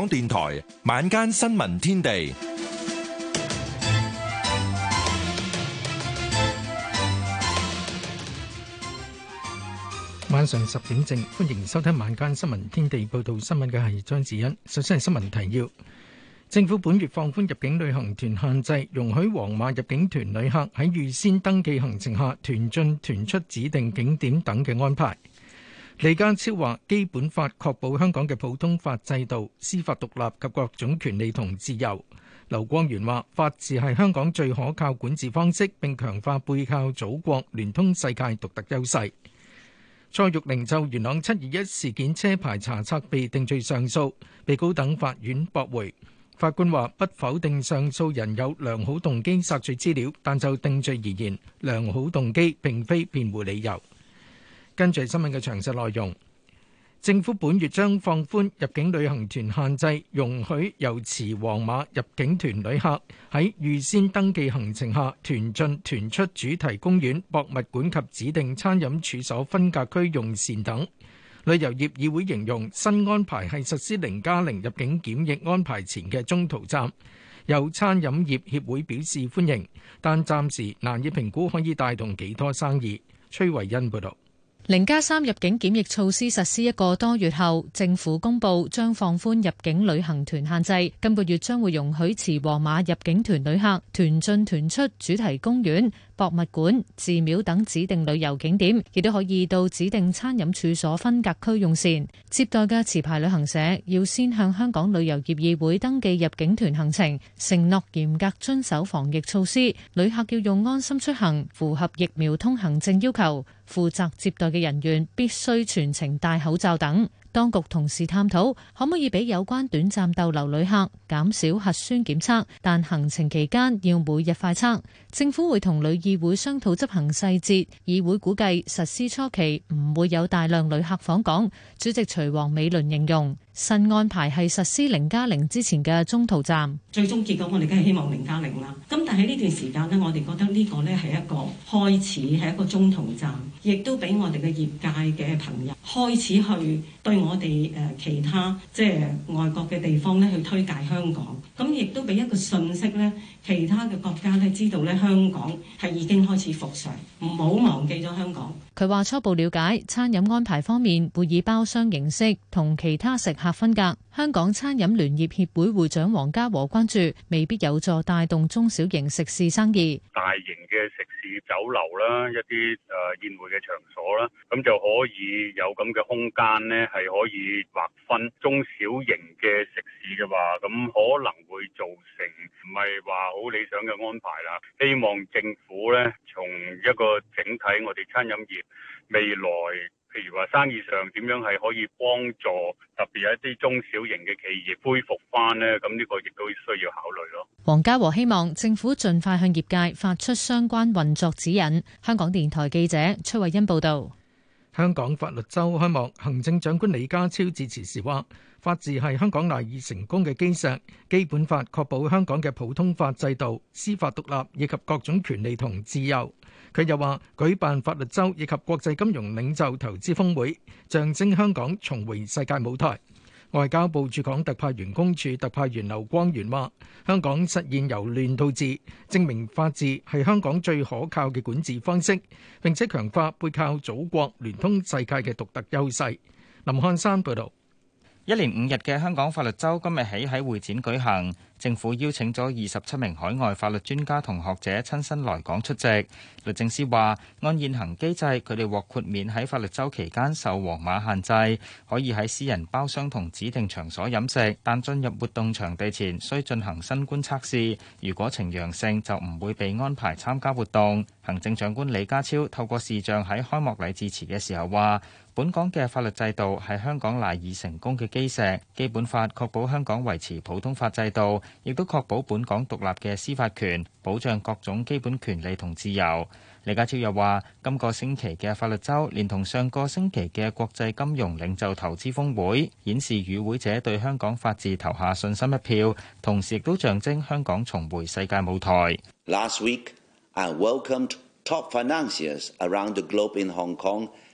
港電台晚間新聞天地，晚上十點正，歡迎收聽晚間新聞天地，報道新聞嘅係張智欣。首先係新聞提要：政府本月放寬入境旅行團限制，容許黃碼入境團旅客喺預先登記行程下，團進團出指定景點等嘅安排。李家超話：基本法確保香港嘅普通法制度、司法獨立及各種權利同自由。劉光源話：法治係香港最可靠管治方式，並強化背靠祖國、聯通世界獨特優勢。蔡玉玲就元朗七二一事件車牌查冊被定罪上訴，被高等法院駁回。法官話：不否定上訴人有良好動機殺罪資料，但就定罪而言，良好動機並非辯護理由。跟住新聞嘅詳細內容，政府本月將放寬入境旅行團限制，容許由持黃碼入境團旅客喺預先登記行程下團進團出主題公園、博物館及指定餐飲處所分隔區用膳等。旅遊業議會形容新安排係實施零加零入境檢疫安排前嘅中途站。有餐飲業協會表示歡迎，但暫時難以評估可以帶動幾多生意。崔慧欣報道。零加三入境檢疫措施實施一個多月後，政府公布將放寬入境旅行團限制，今個月將會容許持黃碼入境團旅客團進團出主題公園。博物館、寺廟等指定旅遊景點，亦都可以到指定餐飲處所分隔區用膳。接待嘅持牌旅行社要先向香港旅遊業議會登記入境團行程，承諾嚴格遵守防疫措施。旅客要用安心出行，符合疫苗通行證要求。負責接待嘅人員必須全程戴口罩等。當局同時探討可唔可以俾有關短暫逗留旅客減少核酸檢測，但行程期間要每日快測。政府會同旅議會商討執行細節。議會估計實施初期唔會有大量旅客訪港。主席徐王美倫形容。新安排係實施零加零之前嘅中途站，最終結果我哋梗係希望零加零啦。咁但係喺呢段時間咧，我哋覺得呢個咧係一個開始，係一個中途站，亦都俾我哋嘅業界嘅朋友開始去對我哋誒其他即係外國嘅地方咧去推介香港。咁亦都俾一個信息咧，其他嘅國家咧知道咧香港係已經開始復常，唔好忘記咗香港。佢話初步了解餐飲安排方面會以包廂形式同其他食客分隔。香港餐飲聯業協會會長黃家和關注，未必有助帶動中小型食肆生意。大型嘅食肆、酒樓啦，一啲誒宴會嘅場所啦，咁就可以有咁嘅空間咧，係可以劃分中小型嘅食肆嘅話，咁可能會造成唔係話好理想嘅安排啦。希望政府咧，從一個整體，我哋餐飲業未來。譬如話生意上點樣係可以幫助特別一啲中小型嘅企業恢復翻呢？咁呢個亦都需要考慮咯。黃家和希望政府盡快向業界發出相關運作指引。香港電台記者崔慧欣報道。香港法律周開幕，行政長官李家超致辭時話。法治係香港賴以成功嘅基石，《基本法》確保香港嘅普通法制度、司法獨立以及各種權利同自由。佢又話舉辦法律週以及國際金融領袖投資峰會，象徵香港重回世界舞台。外交部駐港特派員公署特派員劉光源話：香港實現由亂到治，證明法治係香港最可靠嘅管治方式，並且強化背靠祖國、聯通世界嘅獨特優勢。林漢山報道。一連五日嘅香港法律周今日起喺會展舉行，政府邀請咗二十七名海外法律專家同學者親身來港出席。律政司話，按現行機制，佢哋獲豁免喺法律週期間受黃碼限制，可以喺私人包廂同指定場所飲食，但進入活動場地前需進行新冠測試。如果呈陽性，就唔會被安排參加活動。行政長官李家超透過視像喺開幕禮致辭嘅時候話。本港嘅法律制度係香港賴以成功嘅基石，《基本法》確保香港維持普通法制度，亦都確保本港獨立嘅司法權，保障各種基本權利同自由。李家超又話：今個星期嘅法律週，連同上個星期嘅國際金融領袖投資峯會，顯示與會者對香港法治投下信心一票，同時亦都象徵香港重回世界舞台。Last week, I welcomed top financiers around the globe in Hong Kong.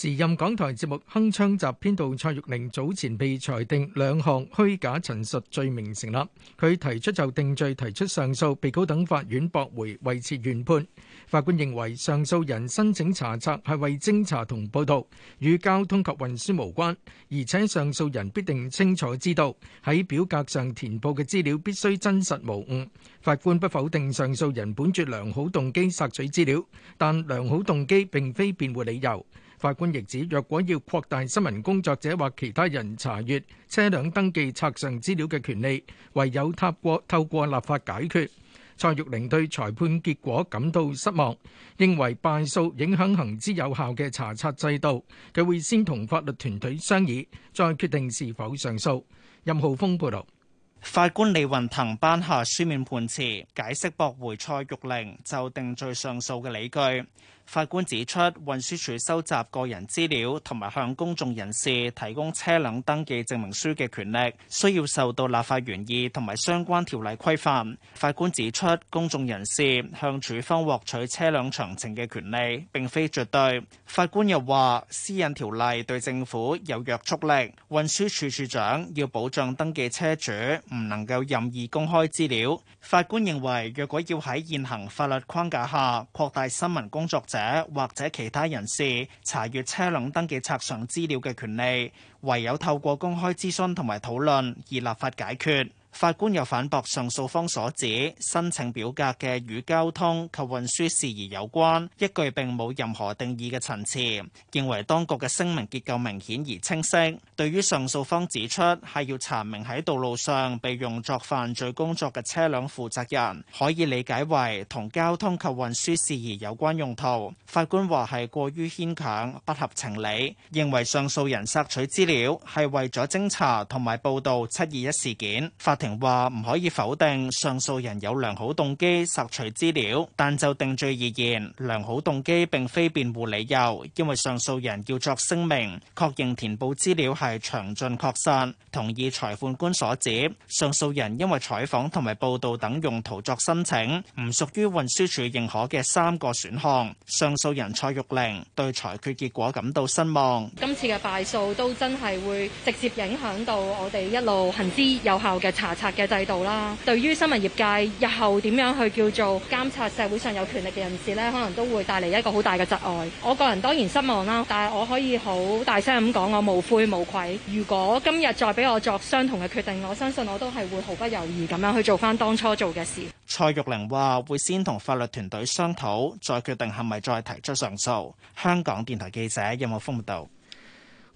時任港台節目《鏗鏘集》編導蔡玉玲早前被裁定兩項虛假陳述罪名成立，佢提出就定罪提出上訴，被高等法院駁回維持原判。法官認為，上訴人申請查冊係為偵查同報道，與交通及運輸無關，而且上訴人必定清楚知道喺表格上填報嘅資料必須真實無誤。法官不否定上訴人本著良好動機索取資料，但良好動機並非辯護理由。法官亦指，若果要擴大新聞工作者或其他人查閲車輛登記冊上資料嘅權利，唯有透過透過立法解決。蔡玉玲對裁判結果感到失望，認為敗訴影響行之有效嘅查冊制度。佢會先同法律團隊商議，再決定是否上訴。任浩峰報道。法官李雲騰頒下書面判詞，解釋駁回蔡玉玲就定罪上訴嘅理據。法官指出，運輸署收集個人資料同埋向公眾人士提供車輛登記證明書嘅權力，需要受到立法原意同埋相關條例規範。法官指出，公眾人士向署方獲取車輛詳情嘅權利並非絕對。法官又話，私隱條例對政府有約束力，運輸署署長要保障登記車主唔能夠任意公開資料。法官認為，若果要喺現行法律框架下擴大新聞工作，或者其他人士查閱車輛登記冊上資料嘅權利，唯有透過公開諮詢同埋討論而立法解決。法官又反駁上訴方所指申請表格嘅與交通及運輸事宜有關一句並冇任何定義嘅陳詞，認為當局嘅聲明結構明顯而清晰。對於上訴方指出係要查明喺道路上被用作犯罪工作嘅車輛負責人，可以理解為同交通及運輸事宜有關用途。法官話係過於牽強不合情理，認為上訴人索取資料係為咗偵查同埋報道七二一事件法庭。話唔可以否定上訴人有良好動機索取資料，但就定罪而言，良好動機並非辯護理由，因為上訴人要作聲明確認填報資料係詳盡確實，同意裁判官所指，上訴人因為採訪同埋報道等用途作申請，唔屬於運輸署認可嘅三個選項。上訴人蔡玉玲對裁決結果感到失望，今次嘅敗訴都真係會直接影響到我哋一路行之有效嘅查。查冊嘅制度啦，對於新聞業界日後點樣去叫做監察社會上有權力嘅人士咧，可能都會帶嚟一個好大嘅窒礙，我個人當然失望啦，但係我可以好大聲咁講，我無悔無愧。如果今日再俾我作相同嘅決定，我相信我都係會毫不猶豫咁樣去做翻當初做嘅事。蔡玉玲話會先同法律團隊商討，再決定係咪再提出上訴，香港電台記者任茂豐報道。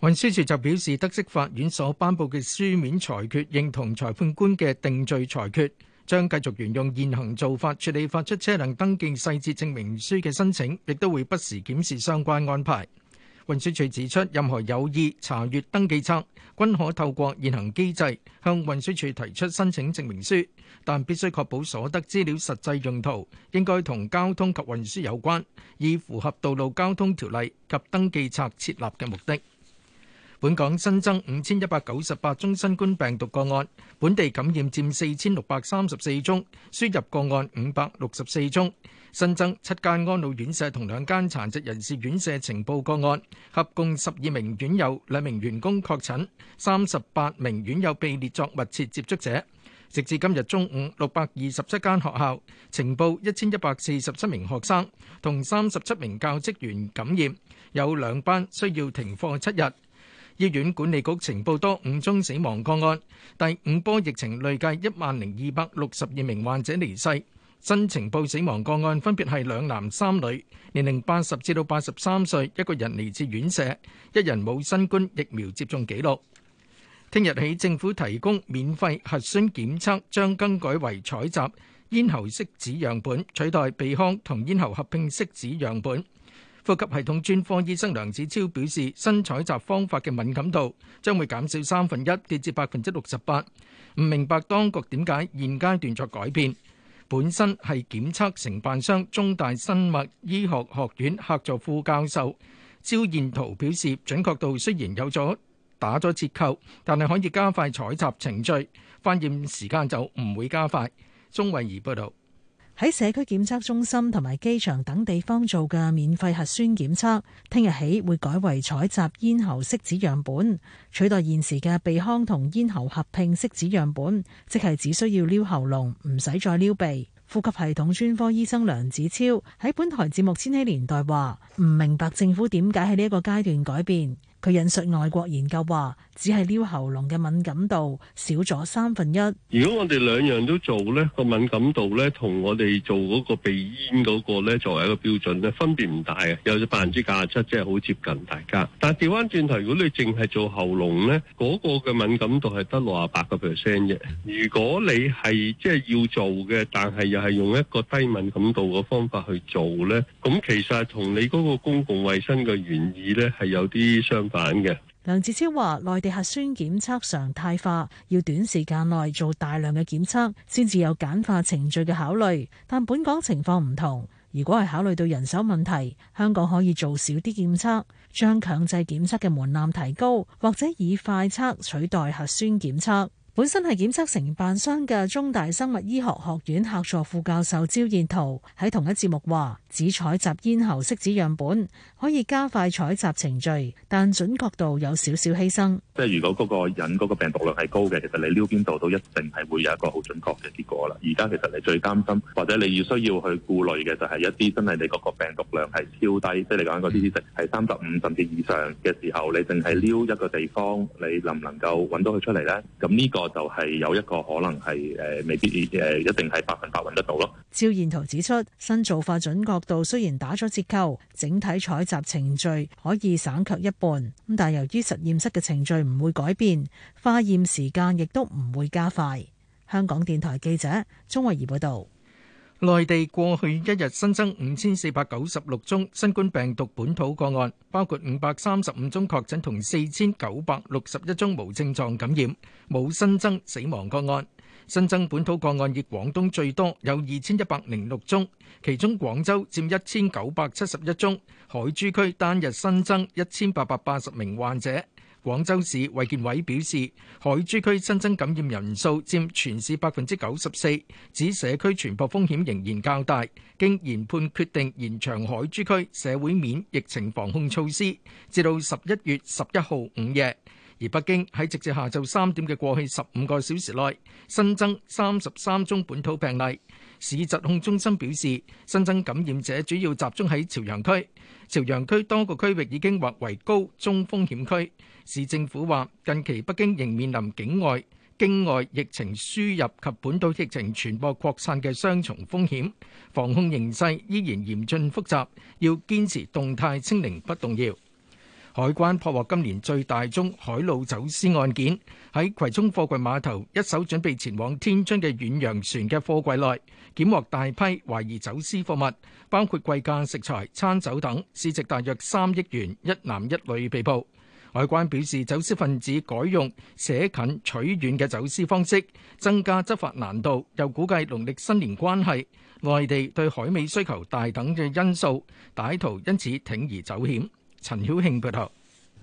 運輸署就表示，得悉法院所頒布嘅書面裁決認同裁判官嘅定罪裁決，將繼續沿用現行做法處理發出車輛登記細節證明書嘅申請，亦都會不時檢視相關安排。運輸署指出，任何有意查閱登記冊，均可透過現行機制向運輸署提出申請證明書，但必須確保所得資料實際用途應該同交通及運輸有關，以符合道路交通條例及登記冊設立嘅目的。本港新增五千一百九十八宗新冠病毒個案，本地感染佔四千六百三十四宗，輸入個案五百六十四宗。新增七間安老院舍同兩間殘疾人士院舍呈報個案，合共十二名院友、兩名員工確診，三十八名院友被列作密切接觸者。直至今日中午，六百二十七間學校呈報一千一百四十七名學生同三十七名教職員感染，有兩班需要停課七日。醫院管理局呈報多五宗死亡個案，第五波疫情累計一萬零二百六十二名患者離世。新呈報死亡個案分別係兩男三女，年齡八十至到八十三歲，一個人嚟自院舍，一人冇新冠疫苗接種記錄。聽日起，政府提供免費核酸檢測將更改為採集咽喉拭子樣本，取代鼻腔同咽喉合併拭子樣本。呼吸系統專科醫生梁子超表示，新採集方法嘅敏感度將會減少三分一，跌至百分之六十八。唔明白當局點解現階段作改變。本身係檢測承辦商中大生物醫學學院客座副教授招彥燾表示，準確度雖然有咗打咗折扣，但係可以加快採集程序，化驗時間就唔會加快。鍾慧儀報導。喺社區檢測中心同埋機場等地方做嘅免費核酸檢測，聽日起會改為採集咽喉拭子樣本，取代現時嘅鼻腔同咽喉合併拭子樣本，即係只需要撩喉嚨，唔使再撩鼻。呼吸系統專科醫生梁子超喺本台節目《千禧年代》話：唔明白政府點解喺呢一個階段改變。佢引述外國研究話，只係撩喉嚨嘅敏感度少咗三分一。如果我哋兩樣都做咧，個敏感度咧同我哋做嗰個鼻咽嗰個咧作為一個標準咧，分別唔大嘅，有咗百分之九十七，即係好接近大家。但係調翻轉頭，如果你淨係做喉嚨咧，嗰個嘅敏感度係得六十八個 percent 嘅。如果你係即係要做嘅，但係又係用一個低敏感度嘅方法去做咧，咁其實同你嗰個公共衛生嘅原意咧係有啲相反嘅梁志超話，內地核酸檢測常態化，要短時間內做大量嘅檢測，先至有簡化程序嘅考慮。但本港情況唔同，如果係考慮到人手問題，香港可以做少啲檢測，將強制檢測嘅門檻提高，或者以快測取代核酸檢測。本身係檢測承辦商嘅中大生物醫學學院客座副教授招彥燾喺同一節目話。只採集咽喉拭子樣本可以加快採集程序，但準確度有少少犧牲。即係如果嗰個人嗰個病毒量係高嘅，其實你撩邊度都一定係會有一個好準確嘅結果啦。而家其實你最擔心或者你要需要去顧慮嘅就係一啲真係你嗰個病毒量係超低，即係你講嗰啲值係三十五甚至以上嘅時候，你淨係撩一個地方，你能唔能夠揾到佢出嚟呢？咁呢個就係有一個可能係誒、呃、未必誒、呃、一定係百分百揾得到咯。招彥燾指出，新做法準確度雖然打咗折扣，整體採集程序可以省卻一半，但由於實驗室嘅程序唔會改變，化驗時間亦都唔會加快。香港電台記者鍾慧儀報導。內地過去一日新增五千四百九十六宗新冠病毒本土個案，包括五百三十五宗確診同四千九百六十一宗無症狀感染，冇新增死亡個案。新增本土個案以廣東最多，有二千一百零六宗，其中廣州佔一千九百七十一宗。海珠區單日新增一千八百八十名患者。廣州市衛健委表示，海珠區新增感染人數佔全市百分之九十四，指社區傳播風險仍然較大。經研判決定延長海珠區社會面疫情防控措施，至到十一月十一號午夜。而北京喺直至下晝三點嘅過去十五個小時內新增三十三宗本土病例，市疾控中心表示，新增感染者主要集中喺朝陽區，朝陽區多個區域已經劃為高中風險區。市政府話，近期北京仍面臨境外、京外疫情輸入及本土疫情傳播擴散嘅雙重風險，防控形勢依然嚴峻複雜，要堅持動態清零不動搖。海關破獲今年最大宗海路走私案件，喺葵涌貨櫃碼頭，一艘準備前往天津嘅遠洋船嘅貨櫃內，檢獲大批懷疑走私貨物，包括貴價食材、餐酒等，市值大約三億元。一男一女被捕。海關表示，走私分子改用捨近取遠嘅走私方式，增加執法難度。又估計農曆新年關係，內地對海味需求大等嘅因素，歹徒因此鋌而走險。陳曉慶報道。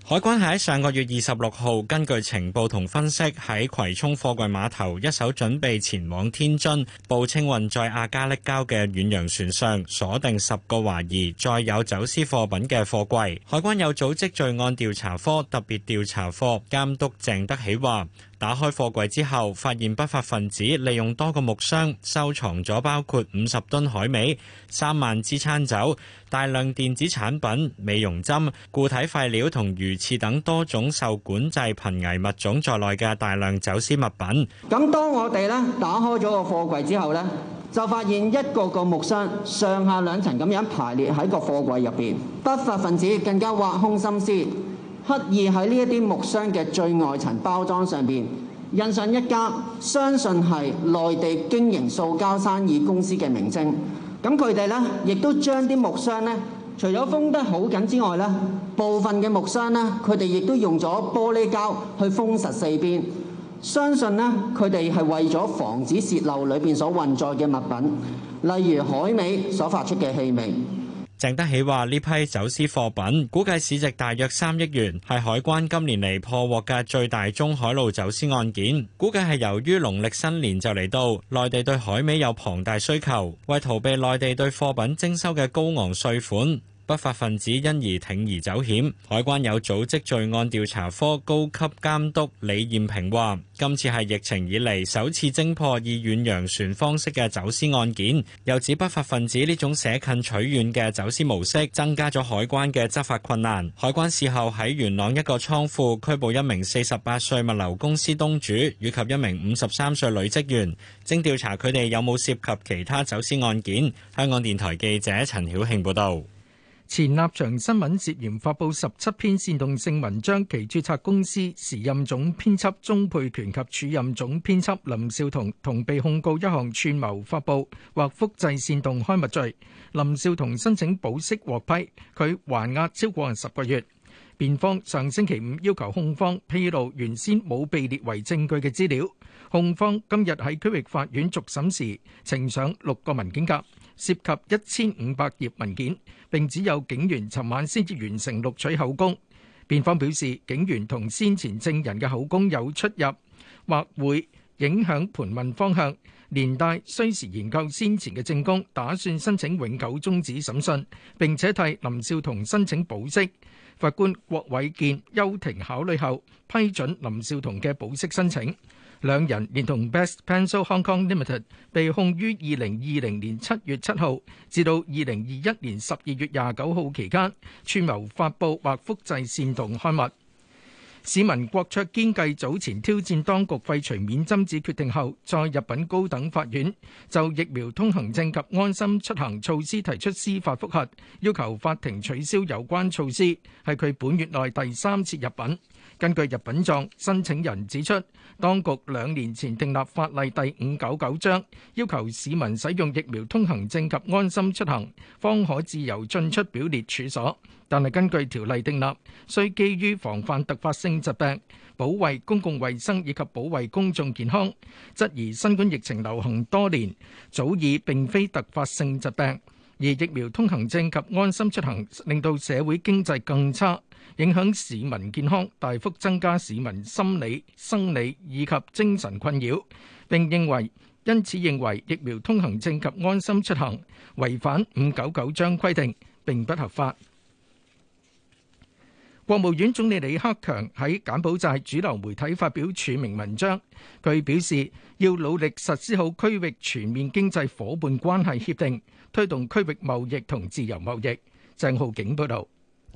海關喺上個月二十六號，根據情報同分析，喺葵涌貨櫃碼頭一艘準備前往天津報稱運載阿加力膠嘅遠洋船上鎖定十個懷疑再有走私貨品嘅貨櫃。海關有組織罪案調查科特別調查科監督鄭德喜話：打開貨櫃之後，發現不法分子利用多個木箱收藏咗包括五十噸海味、三萬支餐酒、大量電子產品、美容針、固體廢料同魚。次等多種受管制瀕危物種在內嘅大量走私物品。咁當我哋咧打開咗個貨櫃之後咧，就發現一個個木箱上下兩層咁樣排列喺個貨櫃入邊，不法分子更加挖空心思，刻意喺呢一啲木箱嘅最外層包裝上邊印上一家相信係內地經營塑膠生意公司嘅名稱，咁佢哋咧亦都將啲木箱咧。除咗封得好緊之外咧，部分嘅木箱咧，佢哋亦都用咗玻璃膠去封實四邊。相信咧，佢哋係為咗防止泄漏裏邊所運載嘅物品，例如海味所發出嘅氣味。鄭德喜話：呢批走私貨品估計市值大約三億元，係海關今年嚟破獲嘅最大中海路走私案件。估計係由於農曆新年就嚟到，內地對海味有龐大需求，為逃避內地對貨品徵收嘅高昂稅款。不法分子因而鋌而走險，海關有組織罪案調查科高級監督李豔平話，今次係疫情以嚟首次偵破以遠洋船方式嘅走私案件。又指不法分子呢種捨近取遠嘅走私模式，增加咗海關嘅執法困難。海關事後喺元朗一個倉庫拘捕一名四十八歲物流公司東主，以及一名五十三歲女職員，正調查佢哋有冇涉及其他走私案件。香港電台記者陳曉慶報道。前立場新聞涉嫌發布十七篇煽動性文章，其註冊公司時任總編輯鍾沛權及署任總編輯林紹桐同被控告一項串謀發布或複製煽動刊物罪。林紹桐申請保釋獲批，佢還押超過十個月。辯方上星期五要求控方披露原先冇被列為證據嘅資料，控方今日喺區域法院續審時呈上六個文件夾。涉及一千五百頁文件，並只有警員尋晚先至完成錄取口供。辯方表示，警員同先前證人嘅口供有出入，或會影響盤問方向，連帶需時研究先前嘅證供，打算申請永久終止審訊，並且替林少彤申請保釋。法官郭偉健休庭考慮後，批准林少彤嘅保釋申請。兩人連同 Best Pencil Hong Kong Limited 被控於2020年7月7號至到2021年12月29號期間串謀發布或複製煽動刊物。市民郭卓堅繼早前挑戰當局廢除免針紙決定後，再入禀高等法院就疫苗通行證及安心出行措施提出司法覆核，要求法庭取消有關措施。係佢本月內第三次入禀。根據入禀狀，申請人指出，當局兩年前訂立法例第五九九章，要求市民使用疫苗通行證及安心出行，方可自由進出表列處所。但係，根據條例訂立，需基於防範突發性疾病、保衛公共衛生以及保衛公眾健康。質疑新冠肺炎疫情流行多年，早已並非突發性疾病，而疫苗通行證及安心出行令到社會經濟更差，影響市民健康，大幅增加市民心理、生理以及精神困擾。並認為因此認為疫苗通行證及安心出行違反五九九章規定，並不合法。國務院總理李克強喺柬埔寨主流媒體發表署名文章，佢表示要努力實施好區域全面經濟夥伴關係協定，推動區域貿易同自由貿易。鄭浩景報道。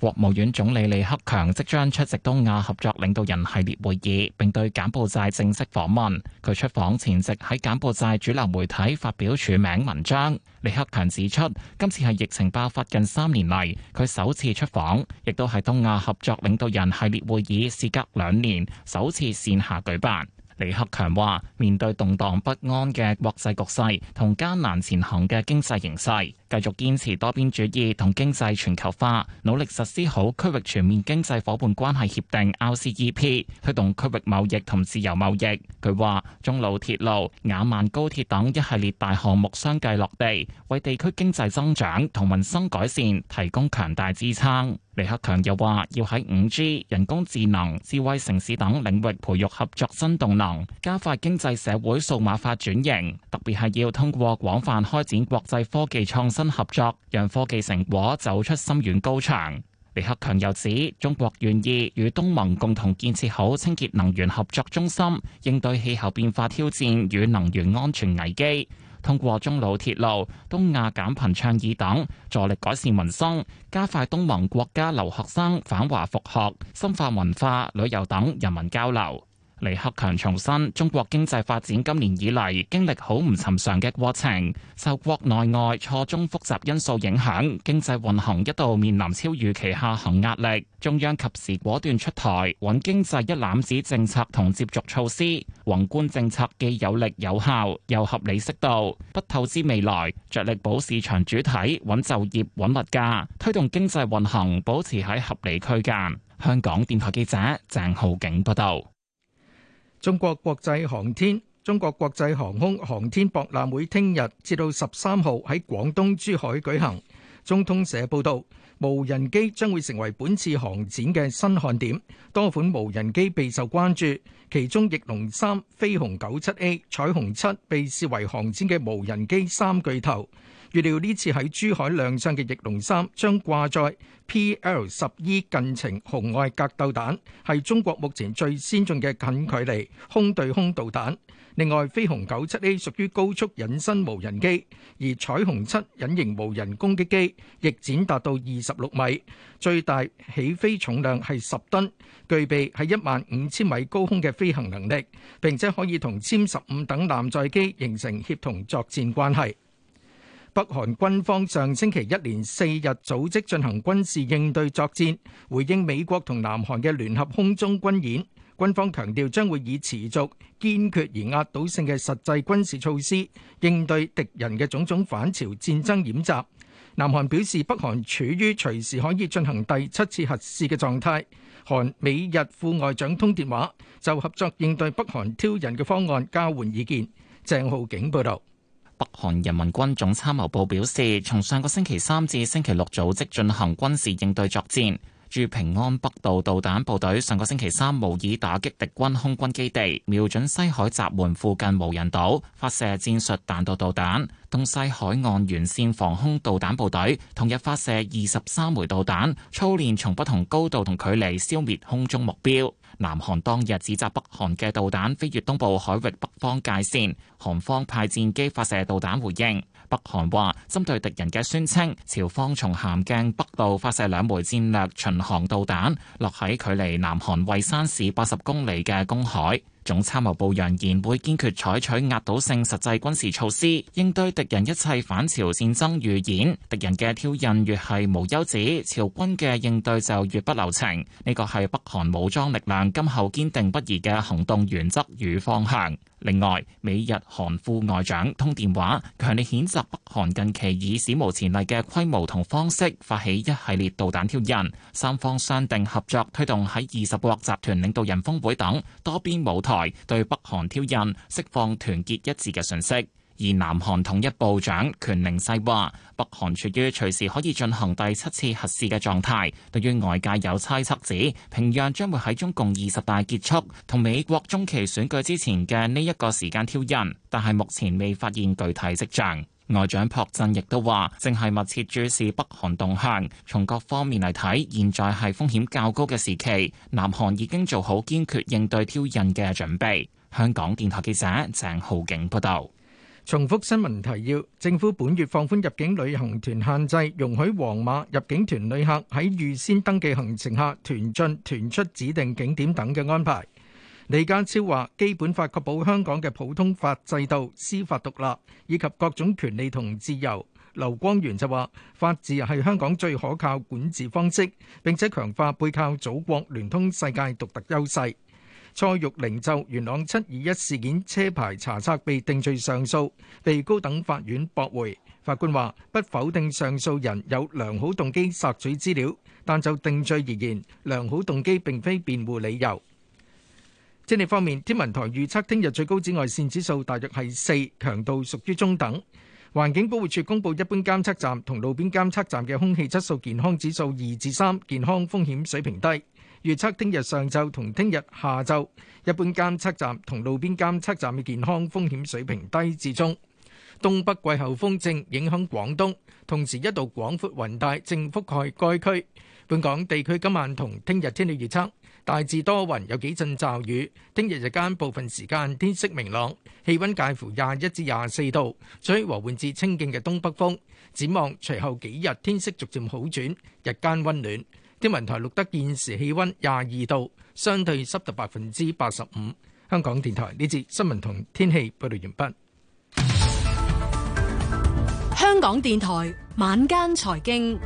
國務院總理李克強即將出席東亞合作領導人系列會議，並對柬埔寨正式訪問。佢出訪前夕喺柬埔寨主流媒體發表署名文章。李克強指出，今次係疫情爆發近三年嚟，佢首次出訪，亦都係東亞合作領導人系列會議事隔兩年首次線下舉辦。李克強話：面對動蕩不安嘅國際局勢同艱難前行嘅經濟形勢，繼續堅持多邊主義同經濟全球化，努力實施好區域全面經濟夥伴關係協定 （RCEP），推動區域貿易同自由貿易。佢話：中老鐵路、雅萬高鐵等一系列大項目相繼落地，為地區經濟增長同民生改善提供強大支撐。李克強又話，要喺五 G、人工智能、智慧城市等領域培育合作新動能，加快經濟社會數碼化轉型。特別係要通過廣泛開展國際科技創新合作，讓科技成果走出深遠高牆。李克強又指，中國願意與東盟共同建設好清潔能源合作中心，應對氣候變化挑戰與能源安全危機。通過中老鐵路、東亞減貧倡議等，助力改善民生，加快東盟國家留學生返華復學，深化文化旅遊等人民交流。李克強重申，中國經濟發展今年以嚟經歷好唔尋常嘅過程，受國內外錯綜複雜因素影響，經濟運行一度面臨超預期下行壓力。中央及時果斷出台穩經濟一攬子政策同接續措施，宏觀政策既有力有效又合理適度，不透支未來，着力保市場主體、穩就業、穩物價，推動經濟運行保持喺合理區間。香港電台記者鄭浩景報道。中國國際航天，中國國際航空航天博覽會聽日至到十三號喺廣東珠海舉行。中通社報道，無人機將會成為本次航展嘅新看點，多款無人機備受關注，其中翼龍三、飛鴻九七 A、彩虹七被視為航展嘅無人機三巨頭。預料呢次喺珠海亮相嘅翼龍三將掛載 PL 十 E 近程紅外格鬥彈，係中國目前最先進嘅近距離空對空導彈。另外，飛鴻九七 A 屬於高速隱身無人機，而彩虹七隱形無人攻擊機翼展達到二十六米，最大起飛重量係十噸，具備喺一萬五千米高空嘅飛行能力，並且可以同殲十五等艦載機形成協同作戰關係。北韓軍方上星期一連四日組織進行軍事應對作戰，回應美國同南韓嘅聯合空中軍演。軍方強調將會以持續堅決而壓倒性嘅實際軍事措施應對敵人嘅種種反朝戰爭演習。南韓表示北韓處於隨時可以進行第七次核試嘅狀態。韓美日副外長通電話就合作應對北韓挑釁嘅方案交換意見。鄭浩景報道。北韓人民軍總參謀部表示，從上個星期三至星期六組織進行軍事應對作戰。駐平安北道導彈部隊上個星期三模擬打擊敵軍空軍基地，瞄準西海閘門附近無人島發射戰術彈道導彈；東西海岸沿線防空導彈部隊同日發射二十三枚導彈，操練從不同高度同距離消滅空中目標。南韓當日指責北韓嘅導彈飛越東部海域北方界線，韓方派戰機發射導彈回應。北韓話針對敵人嘅宣稱，朝方從咸鏡北道發射兩枚戰略巡航導彈，落喺距離南韓蔚山市八十公里嘅公海。總參謀部揚言會堅決採取壓倒性實際軍事措施，應對敵人一切反朝戰爭預演。敵人嘅挑釁越係無休止，朝軍嘅應對就越不留情。呢個係北韓武裝力量今後堅定不移嘅行動原則與方向。另外，美日韓副外長通電話，強烈譴責北韓近期以史無前例嘅規模同方式發起一系列導彈挑釁，三方商定合作推動喺二十國集團領導人峰會等多邊舞台對北韓挑釁，釋放團結一致嘅信息。而南韓統一部長權寧世話，北韓處於隨時可以進行第七次核試嘅狀態。對於外界有猜測指平壤將會喺中共二十大結束同美國中期選舉之前嘅呢一個時間挑釁，但係目前未發現具體跡象。外長朴振亦都話，正係密切注視北韓動向，從各方面嚟睇，現在係風險較高嘅時期。南韓已經做好堅決應對挑釁嘅準備。香港電台記者鄭浩景報道。重複新聞提要：政府本月放寬入境旅行團限制，容許皇馬入境團旅客喺預先登記行程下團進、下團進團出指定景點等嘅安排。李家超話：基本法確保香港嘅普通法制度、司法獨立以及各種權利同自由。劉光源就話：法治係香港最可靠管治方式，並且強化背靠祖國、聯通世界獨特優勢。蔡玉玲就元朗七二一事件車牌查冊被定罪上訴，被高等法院駁回。法官話：不否定上訴人有良好動機索取資料，但就定罪而言，良好動機並非辯護理由。天氣方面，天文台預測聽日最高紫外線指數大約係四，強度屬於中等。環境保護署公布一般監測站同路邊監測站嘅空氣質素健康指數二至三，健康風險水平低。預測聽日上晝同聽日下晝，一般監測站同路邊監測站嘅健康風險水平低至中。東北季候風正影響廣東，同時一道廣闊雲帶正覆蓋該區。本港地區今晚同聽日天氣預測大致多雲，有幾陣驟雨。聽日日間部分時間天色明朗，氣温介乎廿一至廿四度，吹和緩至清勁嘅東北風。展望隨後幾日天色逐漸好轉，日間温暖。天文台錄得現時氣温廿二度，相對濕度百分之八十五。香港電台呢節新聞同天氣報道完畢。香港電台晚間財經，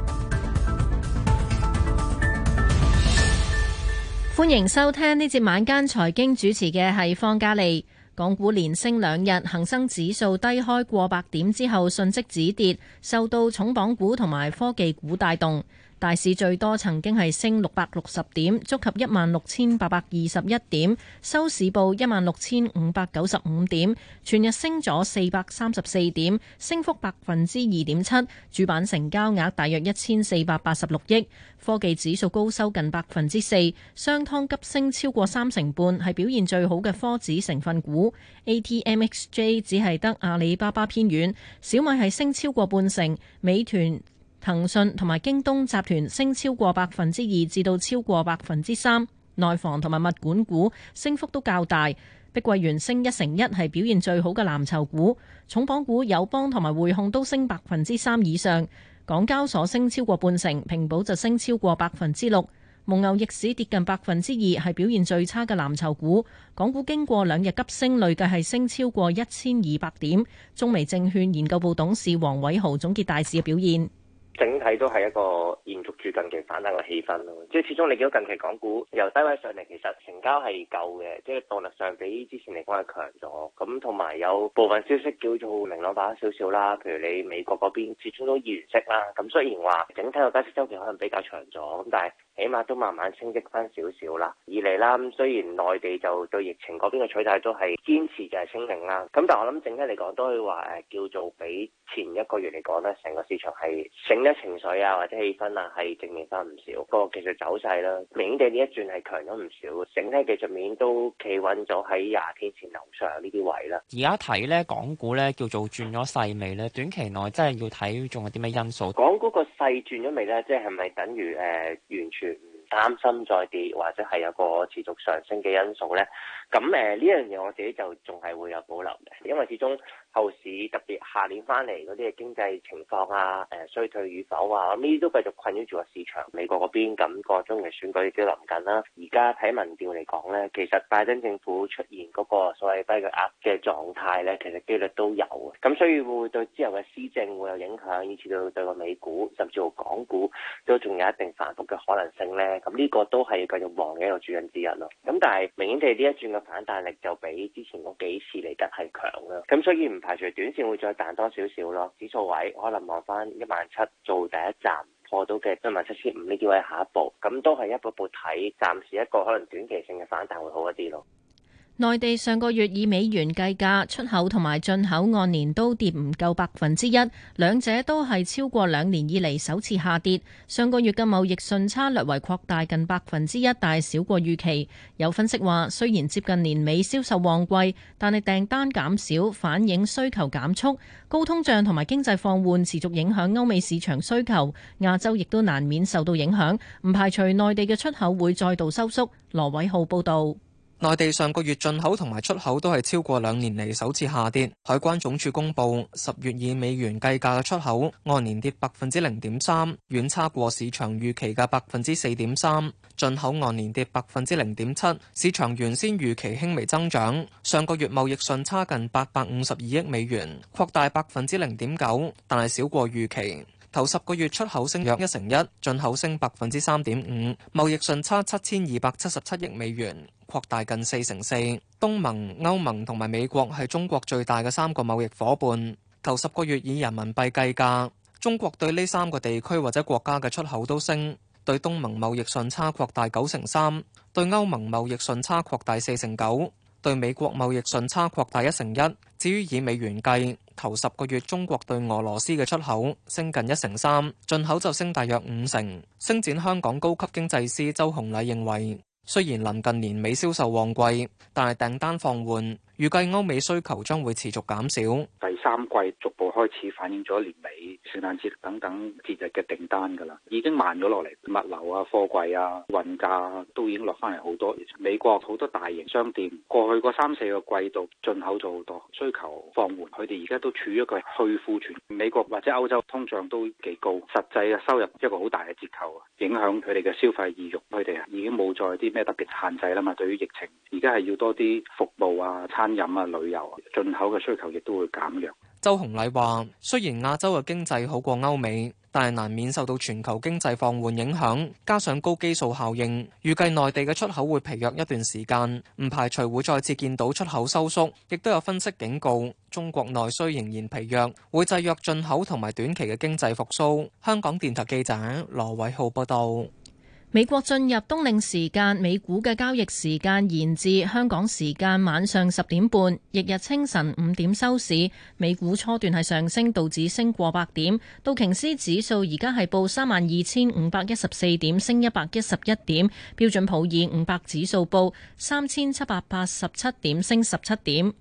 歡迎收聽呢節晚間財經，主持嘅係方嘉利。港股連升兩日，恒生指數低開過百點之後瞬即止跌，受到重磅股同埋科技股帶動。大市最多曾經係升六百六十點，觸及一萬六千八百二十一點，收市報一萬六千五百九十五點，全日升咗四百三十四點，升幅百分之二點七。主板成交額大約一千四百八十六億。科技指數高收近百分之四，商湯急升超過三成半，係表現最好嘅科指成分股。ATMXJ 只係得阿里巴巴偏遠，小米係升超過半成，美團。騰訊同埋京東集團升超過百分之二，至到超過百分之三。內房同埋物管股升幅都較大，碧桂園升一成一，係表現最好嘅藍籌股。重磅股友邦同埋匯控都升百分之三以上。港交所升超過半成，平保就升超過百分之六。蒙牛逆市跌近百分之二，係表現最差嘅藍籌股。港股經過兩日急升，累計係升超過一千二百點。中微證券研究部董事黃偉豪總結大市嘅表現。整體都係一個延續住近期反彈嘅氣氛咯，即係始終你見到近期港股由低位上嚟，其實成交係夠嘅，即係動力上比之前嚟講係強咗。咁同埋有部分消息叫做明朗化少少啦，譬如你美國嗰邊始終都議息啦，咁雖然話整體個加息周期可能比較長咗，咁但係。起碼都慢慢升積翻少少啦。二嚟啦，咁雖然內地就對疫情嗰邊嘅取態都係堅持就係清零啦。咁但係我諗整體嚟講，都可以話、呃、叫做比前一個月嚟講咧，成個市場係醒啲情緒啊或者氣氛啊係正面翻唔少。個技術走勢啦，尾地呢一轉係強咗唔少。整體技術面都企穩咗喺廿天線樓上呢啲位啦。而家睇咧港股咧叫做轉咗勢未咧？短期內真係要睇仲有啲咩因素？港股個勢轉咗未咧？即係係咪等於誒、呃、完全？擔心再跌或者係有個持續上升嘅因素咧，咁誒呢樣嘢我自己就仲係會有保留嘅，因為始終後市特別下年翻嚟嗰啲嘅經濟情況啊、誒、呃、衰退與否啊，咁呢啲都繼續困擾住個市場。美國嗰邊咁個中期選舉亦都臨近啦，而家睇民調嚟講咧，其實拜登政府出現嗰個所謂跛腳鴨嘅狀態咧，其實機率都有嘅，咁所以會唔會對之後嘅施政會有影響，以至到對個美股甚至乎港股都仲有一定反覆嘅可能性咧？咁呢個都係繼續望嘅一個主因之一咯。咁但係明顯地呢一轉嘅反彈力就比之前嗰幾次嚟得係強啦。咁所以唔排除短線會再彈多少少咯。指數位可能望翻一萬七做第一站，破到嘅一萬七千五呢啲位下一步，咁都係一步一步睇。暫時一個可能短期性嘅反彈會好一啲咯。內地上個月以美元計價出口同埋進口按年都跌唔夠百分之一，兩者都係超過兩年以嚟首次下跌。上個月嘅貿易順差略為擴大近百分之一，但係少過預期。有分析話，雖然接近年尾銷售旺季，但係訂單減少反映需求減速，高通脹同埋經濟放緩持續影響歐美市場需求，亞洲亦都難免受到影響，唔排除內地嘅出口會再度收縮。羅偉浩報導。內地上個月進口同埋出口都係超過兩年嚟首次下跌。海關總署公佈，十月以美元計價嘅出口按年跌百分之零點三，遠差過市場預期嘅百分之四點三；進口按年跌百分之零點七，市場原先預期輕微增長。上個月貿易順差近八百五十二億美元，擴大百分之零點九，但係少過預期。頭十個月出口升約一成一，進口升百分之三點五，貿易順差七千二百七十七億美元，擴大近四成四。東盟、歐盟同埋美國係中國最大嘅三個貿易伙伴。頭十個月以人民幣計價，中國對呢三個地區或者國家嘅出口都升，對東盟貿易順差擴大九成三，對歐盟貿易順差擴大四成九。對美國貿易順差擴大一成一，至於以美元計，頭十個月中國對俄羅斯嘅出口升近一成三，進口就升大約五成。星展香港高級經濟師周洪禮認為，雖然臨近年尾銷售旺季，但係訂單放緩。預計歐美需求將會持續減少。第三季逐步開始反映咗年尾、聖誕節等等節日嘅訂單㗎啦，已經慢咗落嚟。物流啊、貨櫃啊、運價啊，都已經落翻嚟好多。美國好多大型商店過去嗰三四個季度進口咗好多需求放緩，佢哋而家都處於一個去庫存。美國或者歐洲通脹都幾高，實際嘅收入一個好大嘅折扣啊，影響佢哋嘅消費意欲。佢哋啊已經冇再啲咩特別限制啦嘛。對於疫情，而家係要多啲服務啊、餐飲啊，旅遊啊，進口嘅需求亦都會減弱。周洪禮話：雖然亞洲嘅經濟好過歐美，但係難免受到全球經濟放緩影響，加上高基數效應，預計內地嘅出口會疲弱一段時間，唔排除會再次見到出口收縮。亦都有分析警告，中國內需仍然疲弱，會制約進口同埋短期嘅經濟復蘇。香港電台記者羅偉浩報道。美國進入冬令時間，美股嘅交易時間延至香港時間晚上十點半，翌日清晨五點收市。美股初段係上升，道指升過百點，道瓊斯指數而家係報三萬二千五百一十四點，升一百一十一點。標準普爾五百指數報三千七百八十七點，升十七點。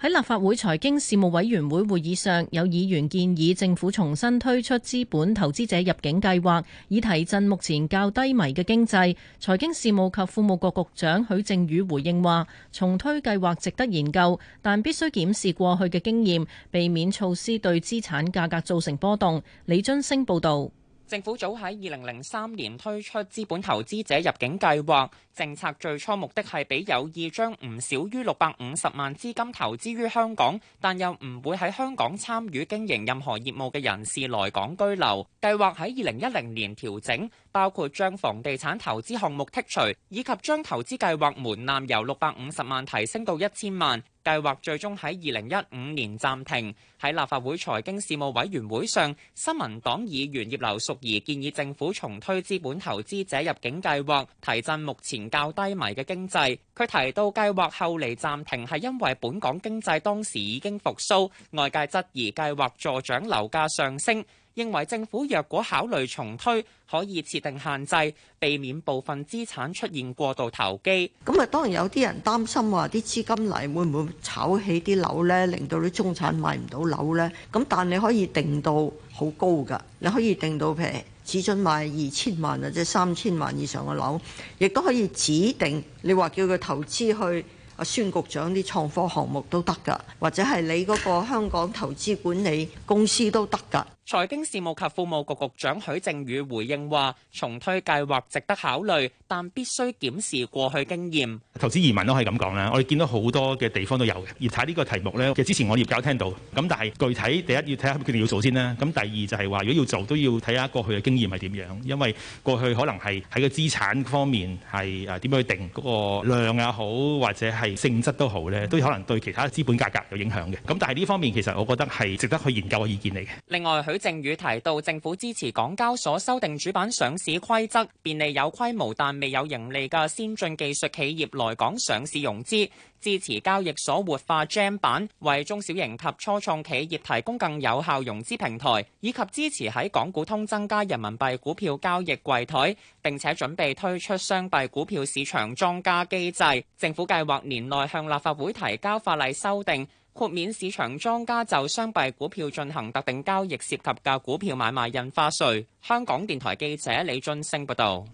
喺立法會財經事務委員會會議上，有議員建議政府重新推出資本投資者入境計劃，以提振目前較低迷嘅經濟。財經事務及庫務局局長許正宇回應話：重推計劃值得研究，但必須檢視過去嘅經驗，避免措施對資產價格造成波動。李津升報導。政府早喺二零零三年推出資本投資者入境計劃，政策最初目的係俾有意將唔少於六百五十萬資金投資於香港，但又唔會喺香港參與經營任何業務嘅人士來港居留。計劃喺二零一零年調整。包括將房地產投資項目剔除，以及將投資計劃門檻由六百五十萬提升到一千萬，計劃最終喺二零一五年暫停。喺立法會財經事務委員會上，新民黨議員葉劉淑儀建議政府重推資本投資者入境計劃，提振目前較低迷嘅經濟。佢提到計劃後嚟暫停係因為本港經濟當時已經復甦，外界質疑計劃助長樓價上升。認為政府若果考慮重推，可以設定限制，避免部分資產出現過度投機。咁啊，當然有啲人擔心話啲資金嚟會唔會炒起啲樓呢？令到啲中產買唔到樓呢？咁但你可以定到好高㗎，你可以定到譬如只准買二千萬或者三千萬以上嘅樓，亦都可以指定你話叫佢投資去阿孫局長啲創科項目都得㗎，或者係你嗰個香港投資管理公司都得㗎。財經事務及庫務局局長許正宇回應話，重推計劃值得考慮，但必須檢視過去經驗。投資移民都可以咁講啦，我哋見到好多嘅地方都有嘅。而睇呢個題目咧，其實之前我業界聽到，咁但係具體第一要睇下決定要做先啦。咁第二就係話，如果要做都要睇下過去嘅經驗係點樣，因為過去可能係喺個資產方面係誒點樣去定嗰個量也好，或者係性質都好咧，都可能對其他資本價格有影響嘅。咁但係呢方面其實我覺得係值得去研究嘅意見嚟嘅。另外許。鄭宇提到，政府支持港交所修訂主板上市規則，便利有規模但未有盈利嘅先進技術企業來港上市融資；支持交易所活化 GEM 板，為中小型及初創企業提供更有效融資平台；以及支持喺港股通增加人民幣股票交易櫃台，並且準備推出雙幣股票市場莊家機制。政府計劃年內向立法會提交法例修訂。豁免市場莊家就雙幣股票進行特定交易涉及嘅股票買賣印花稅。香港電台記者李進升報道。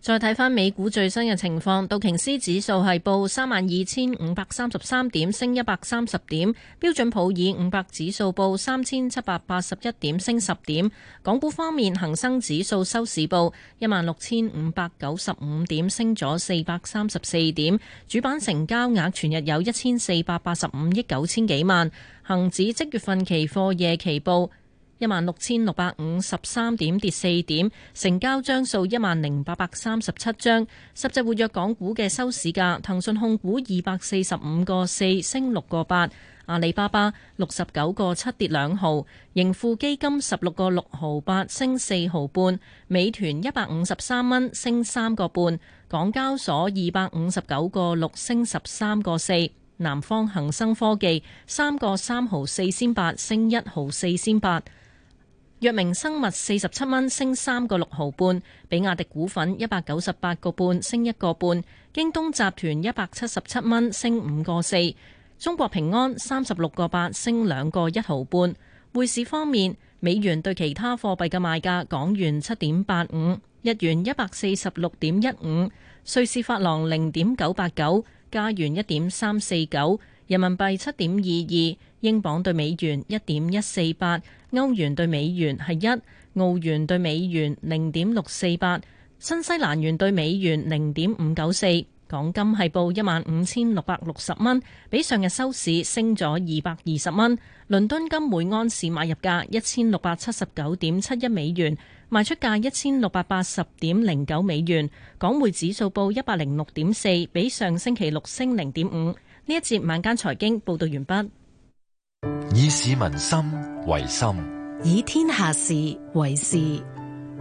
再睇翻美股最新嘅情況，道瓊斯指數係報三萬二千五百三十三點，升一百三十點；標準普爾五百指數報三千七百八十一點，升十點。港股方面，恒生指數收市報一萬六千五百九十五點，升咗四百三十四點。主板成交額全日有一千四百八十五億九千幾萬。恒指即月份期貨夜期報一萬六千六百五十三點跌四點，成交張數一萬零八百三十七張。十隻活躍港股嘅收市價，騰訊控股二百四十五個四升六個八，阿里巴巴六十九個七跌兩毫，盈富基金十六個六毫八升四毫半，美團一百五十三蚊升三個半，港交所二百五十九個六升十三個四，南方恒生科技三個三毫四先八升一毫四先八。藥明生物四十七蚊升三個六毫半，比亞迪股份一百九十八個半升一個半，京東集團一百七十七蚊升五個四，中國平安三十六個八升兩個一毫半。匯市方面，美元對其他貨幣嘅賣價：港元七點八五，日元一百四十六點一五，瑞士法郎零點九八九，加元一點三四九，人民幣七點二二，英鎊對美元一點一四八。歐元對美元係一，澳元對美元零點六四八，新西蘭元對美元零點五九四。港金係報一萬五千六百六十蚊，比上日收市升咗二百二十蚊。倫敦金每安士買入價一千六百七十九點七一美元，賣出價一千六百八十點零九美元。港匯指數報一百零六點四，比上星期六升零點五。呢一節晚間財經報道完畢，以市民心。為心以天下事為事。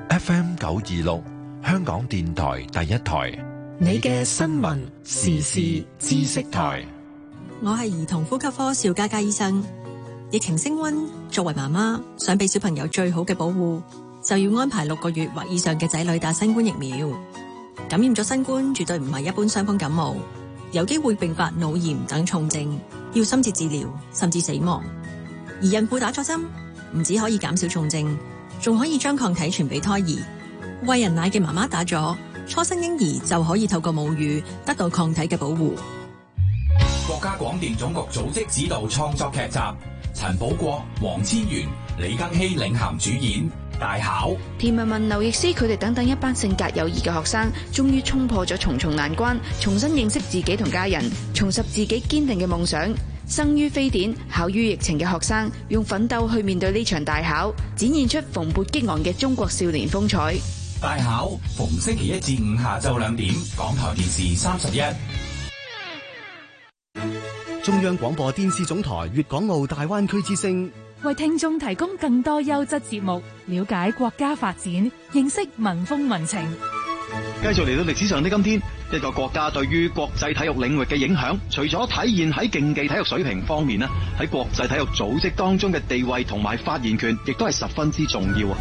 F.M. 九二六香港電台第一台，你嘅新聞時事知識台。我係兒童呼吸科邵嘉嘉醫生。疫情升温，作為媽媽，想俾小朋友最好嘅保護，就要安排六個月或以上嘅仔女打新冠疫苗。感染咗新冠，絕對唔係一般傷風感冒，有機會併發腦炎等重症，要深切治療，甚至死亡。而孕婦打咗針唔只可以減少重症，仲可以將抗體傳俾胎兒。喂人奶嘅媽媽打咗，初生嬰兒就可以透過母乳得到抗體嘅保護。國家廣電總局組織指導創作劇集，陳寶國、王千源、李庚希領銜主演。大考，田文文、劉亦斯。佢哋等等一班性格有異嘅學生，終於衝破咗重重難關，重新認識自己同家人，重拾自己堅定嘅夢想。生於非典，考於疫情嘅學生，用奮鬥去面對呢場大考，展現出蓬勃激昂嘅中國少年風采。大考逢星期一至五下晝兩點，港台電視三十一，中央廣播電視總台粵港澳大灣區之聲，為聽眾提供更多優質節目，了解國家發展，認識民風民情。繼續嚟到歷史上的今天。一個國家對於國際體育領域嘅影響，除咗體現喺競技體育水平方面呢，喺國際體育組織當中嘅地位同埋發言權，亦都係十分之重要啊！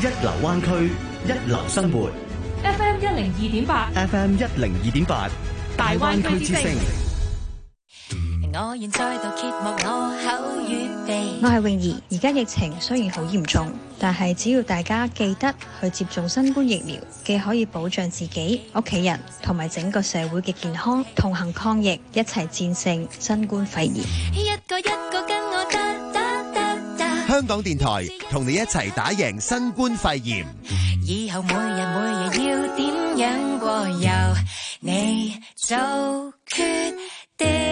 一流灣區，一流生活。FM 一零二點八，FM 一零二點八，大灣區之聲。 我現在揭我我口地，我係泳兒，而家疫情雖然好嚴重，但係只要大家記得去接種新冠疫苗，既可以保障自己、屋企人同埋整個社會嘅健康，同行抗疫，一齊戰勝新冠肺炎。 一個一個跟我得噠噠噠，香港電台同你一齊打贏新冠肺炎。 以後每日每夜要點樣過由你做決定。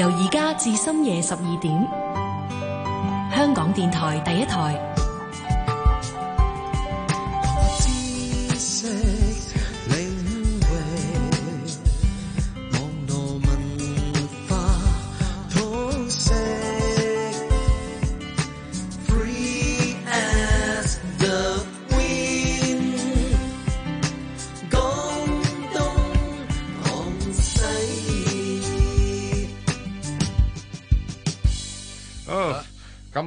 由而家至深夜十二點，香港電台第一台。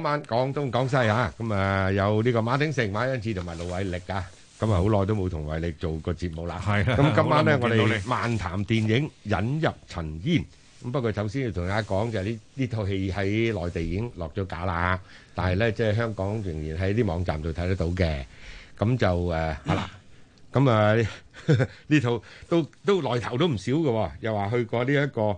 今晚廣東廣西嚇，咁啊有呢個馬鼎盛馬恩志同埋盧偉力啊，咁啊好耐都冇同偉力做過節目啦。係啊，咁今晚咧我哋漫談電影《隱入塵煙》咁。不過首先要同大家講就係呢呢套戲喺內地已經落咗架啦，但係咧即係香港仍然喺啲網站度睇得到嘅。咁就誒，係啦。咁啊呢套都都來頭都唔少㗎，又話去過呢一個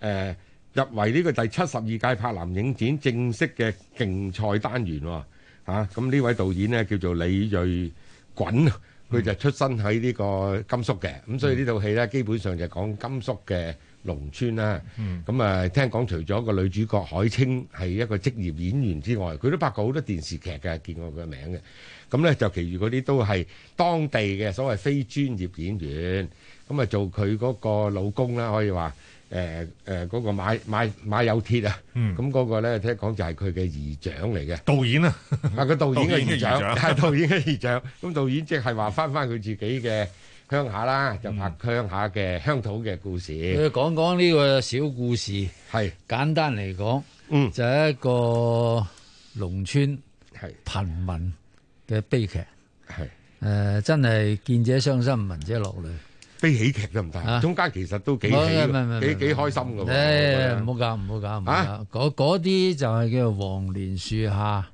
誒。入圍呢個第七十二屆柏林影展正式嘅競賽單元喎，嚇，咁呢位導演呢叫做李睿珺，佢就出身喺呢個甘肅嘅，咁所以呢套戲呢基本上就講甘肅嘅農村啦，咁啊聽講除咗個女主角海清係一個職業演員之外，佢都拍過好多電視劇嘅，見過佢嘅名嘅，咁呢就其餘嗰啲都係當地嘅所謂非專業演員，咁啊做佢嗰個老公啦，可以話。誒誒，嗰、嗯、個馬馬馬有鐵啊！咁嗰個咧，聽講就係佢嘅姨丈嚟嘅導演啊，係 個導演嘅姨丈，係導演嘅姨丈。咁 導演即係話翻翻佢自己嘅鄉下啦，嗯、就拍鄉下嘅鄉土嘅故事。佢講講呢個小故事，係是簡單嚟講，嗯、就係一個農村係貧民嘅悲劇，係誒、呃，真係見者傷心者，聞者落淚。悲喜劇都唔得，中間其實都幾喜，幾幾開心嘅喎。誒，唔好搞，唔好搞，嚇、哎！嗰嗰啲就係叫做黃連樹下。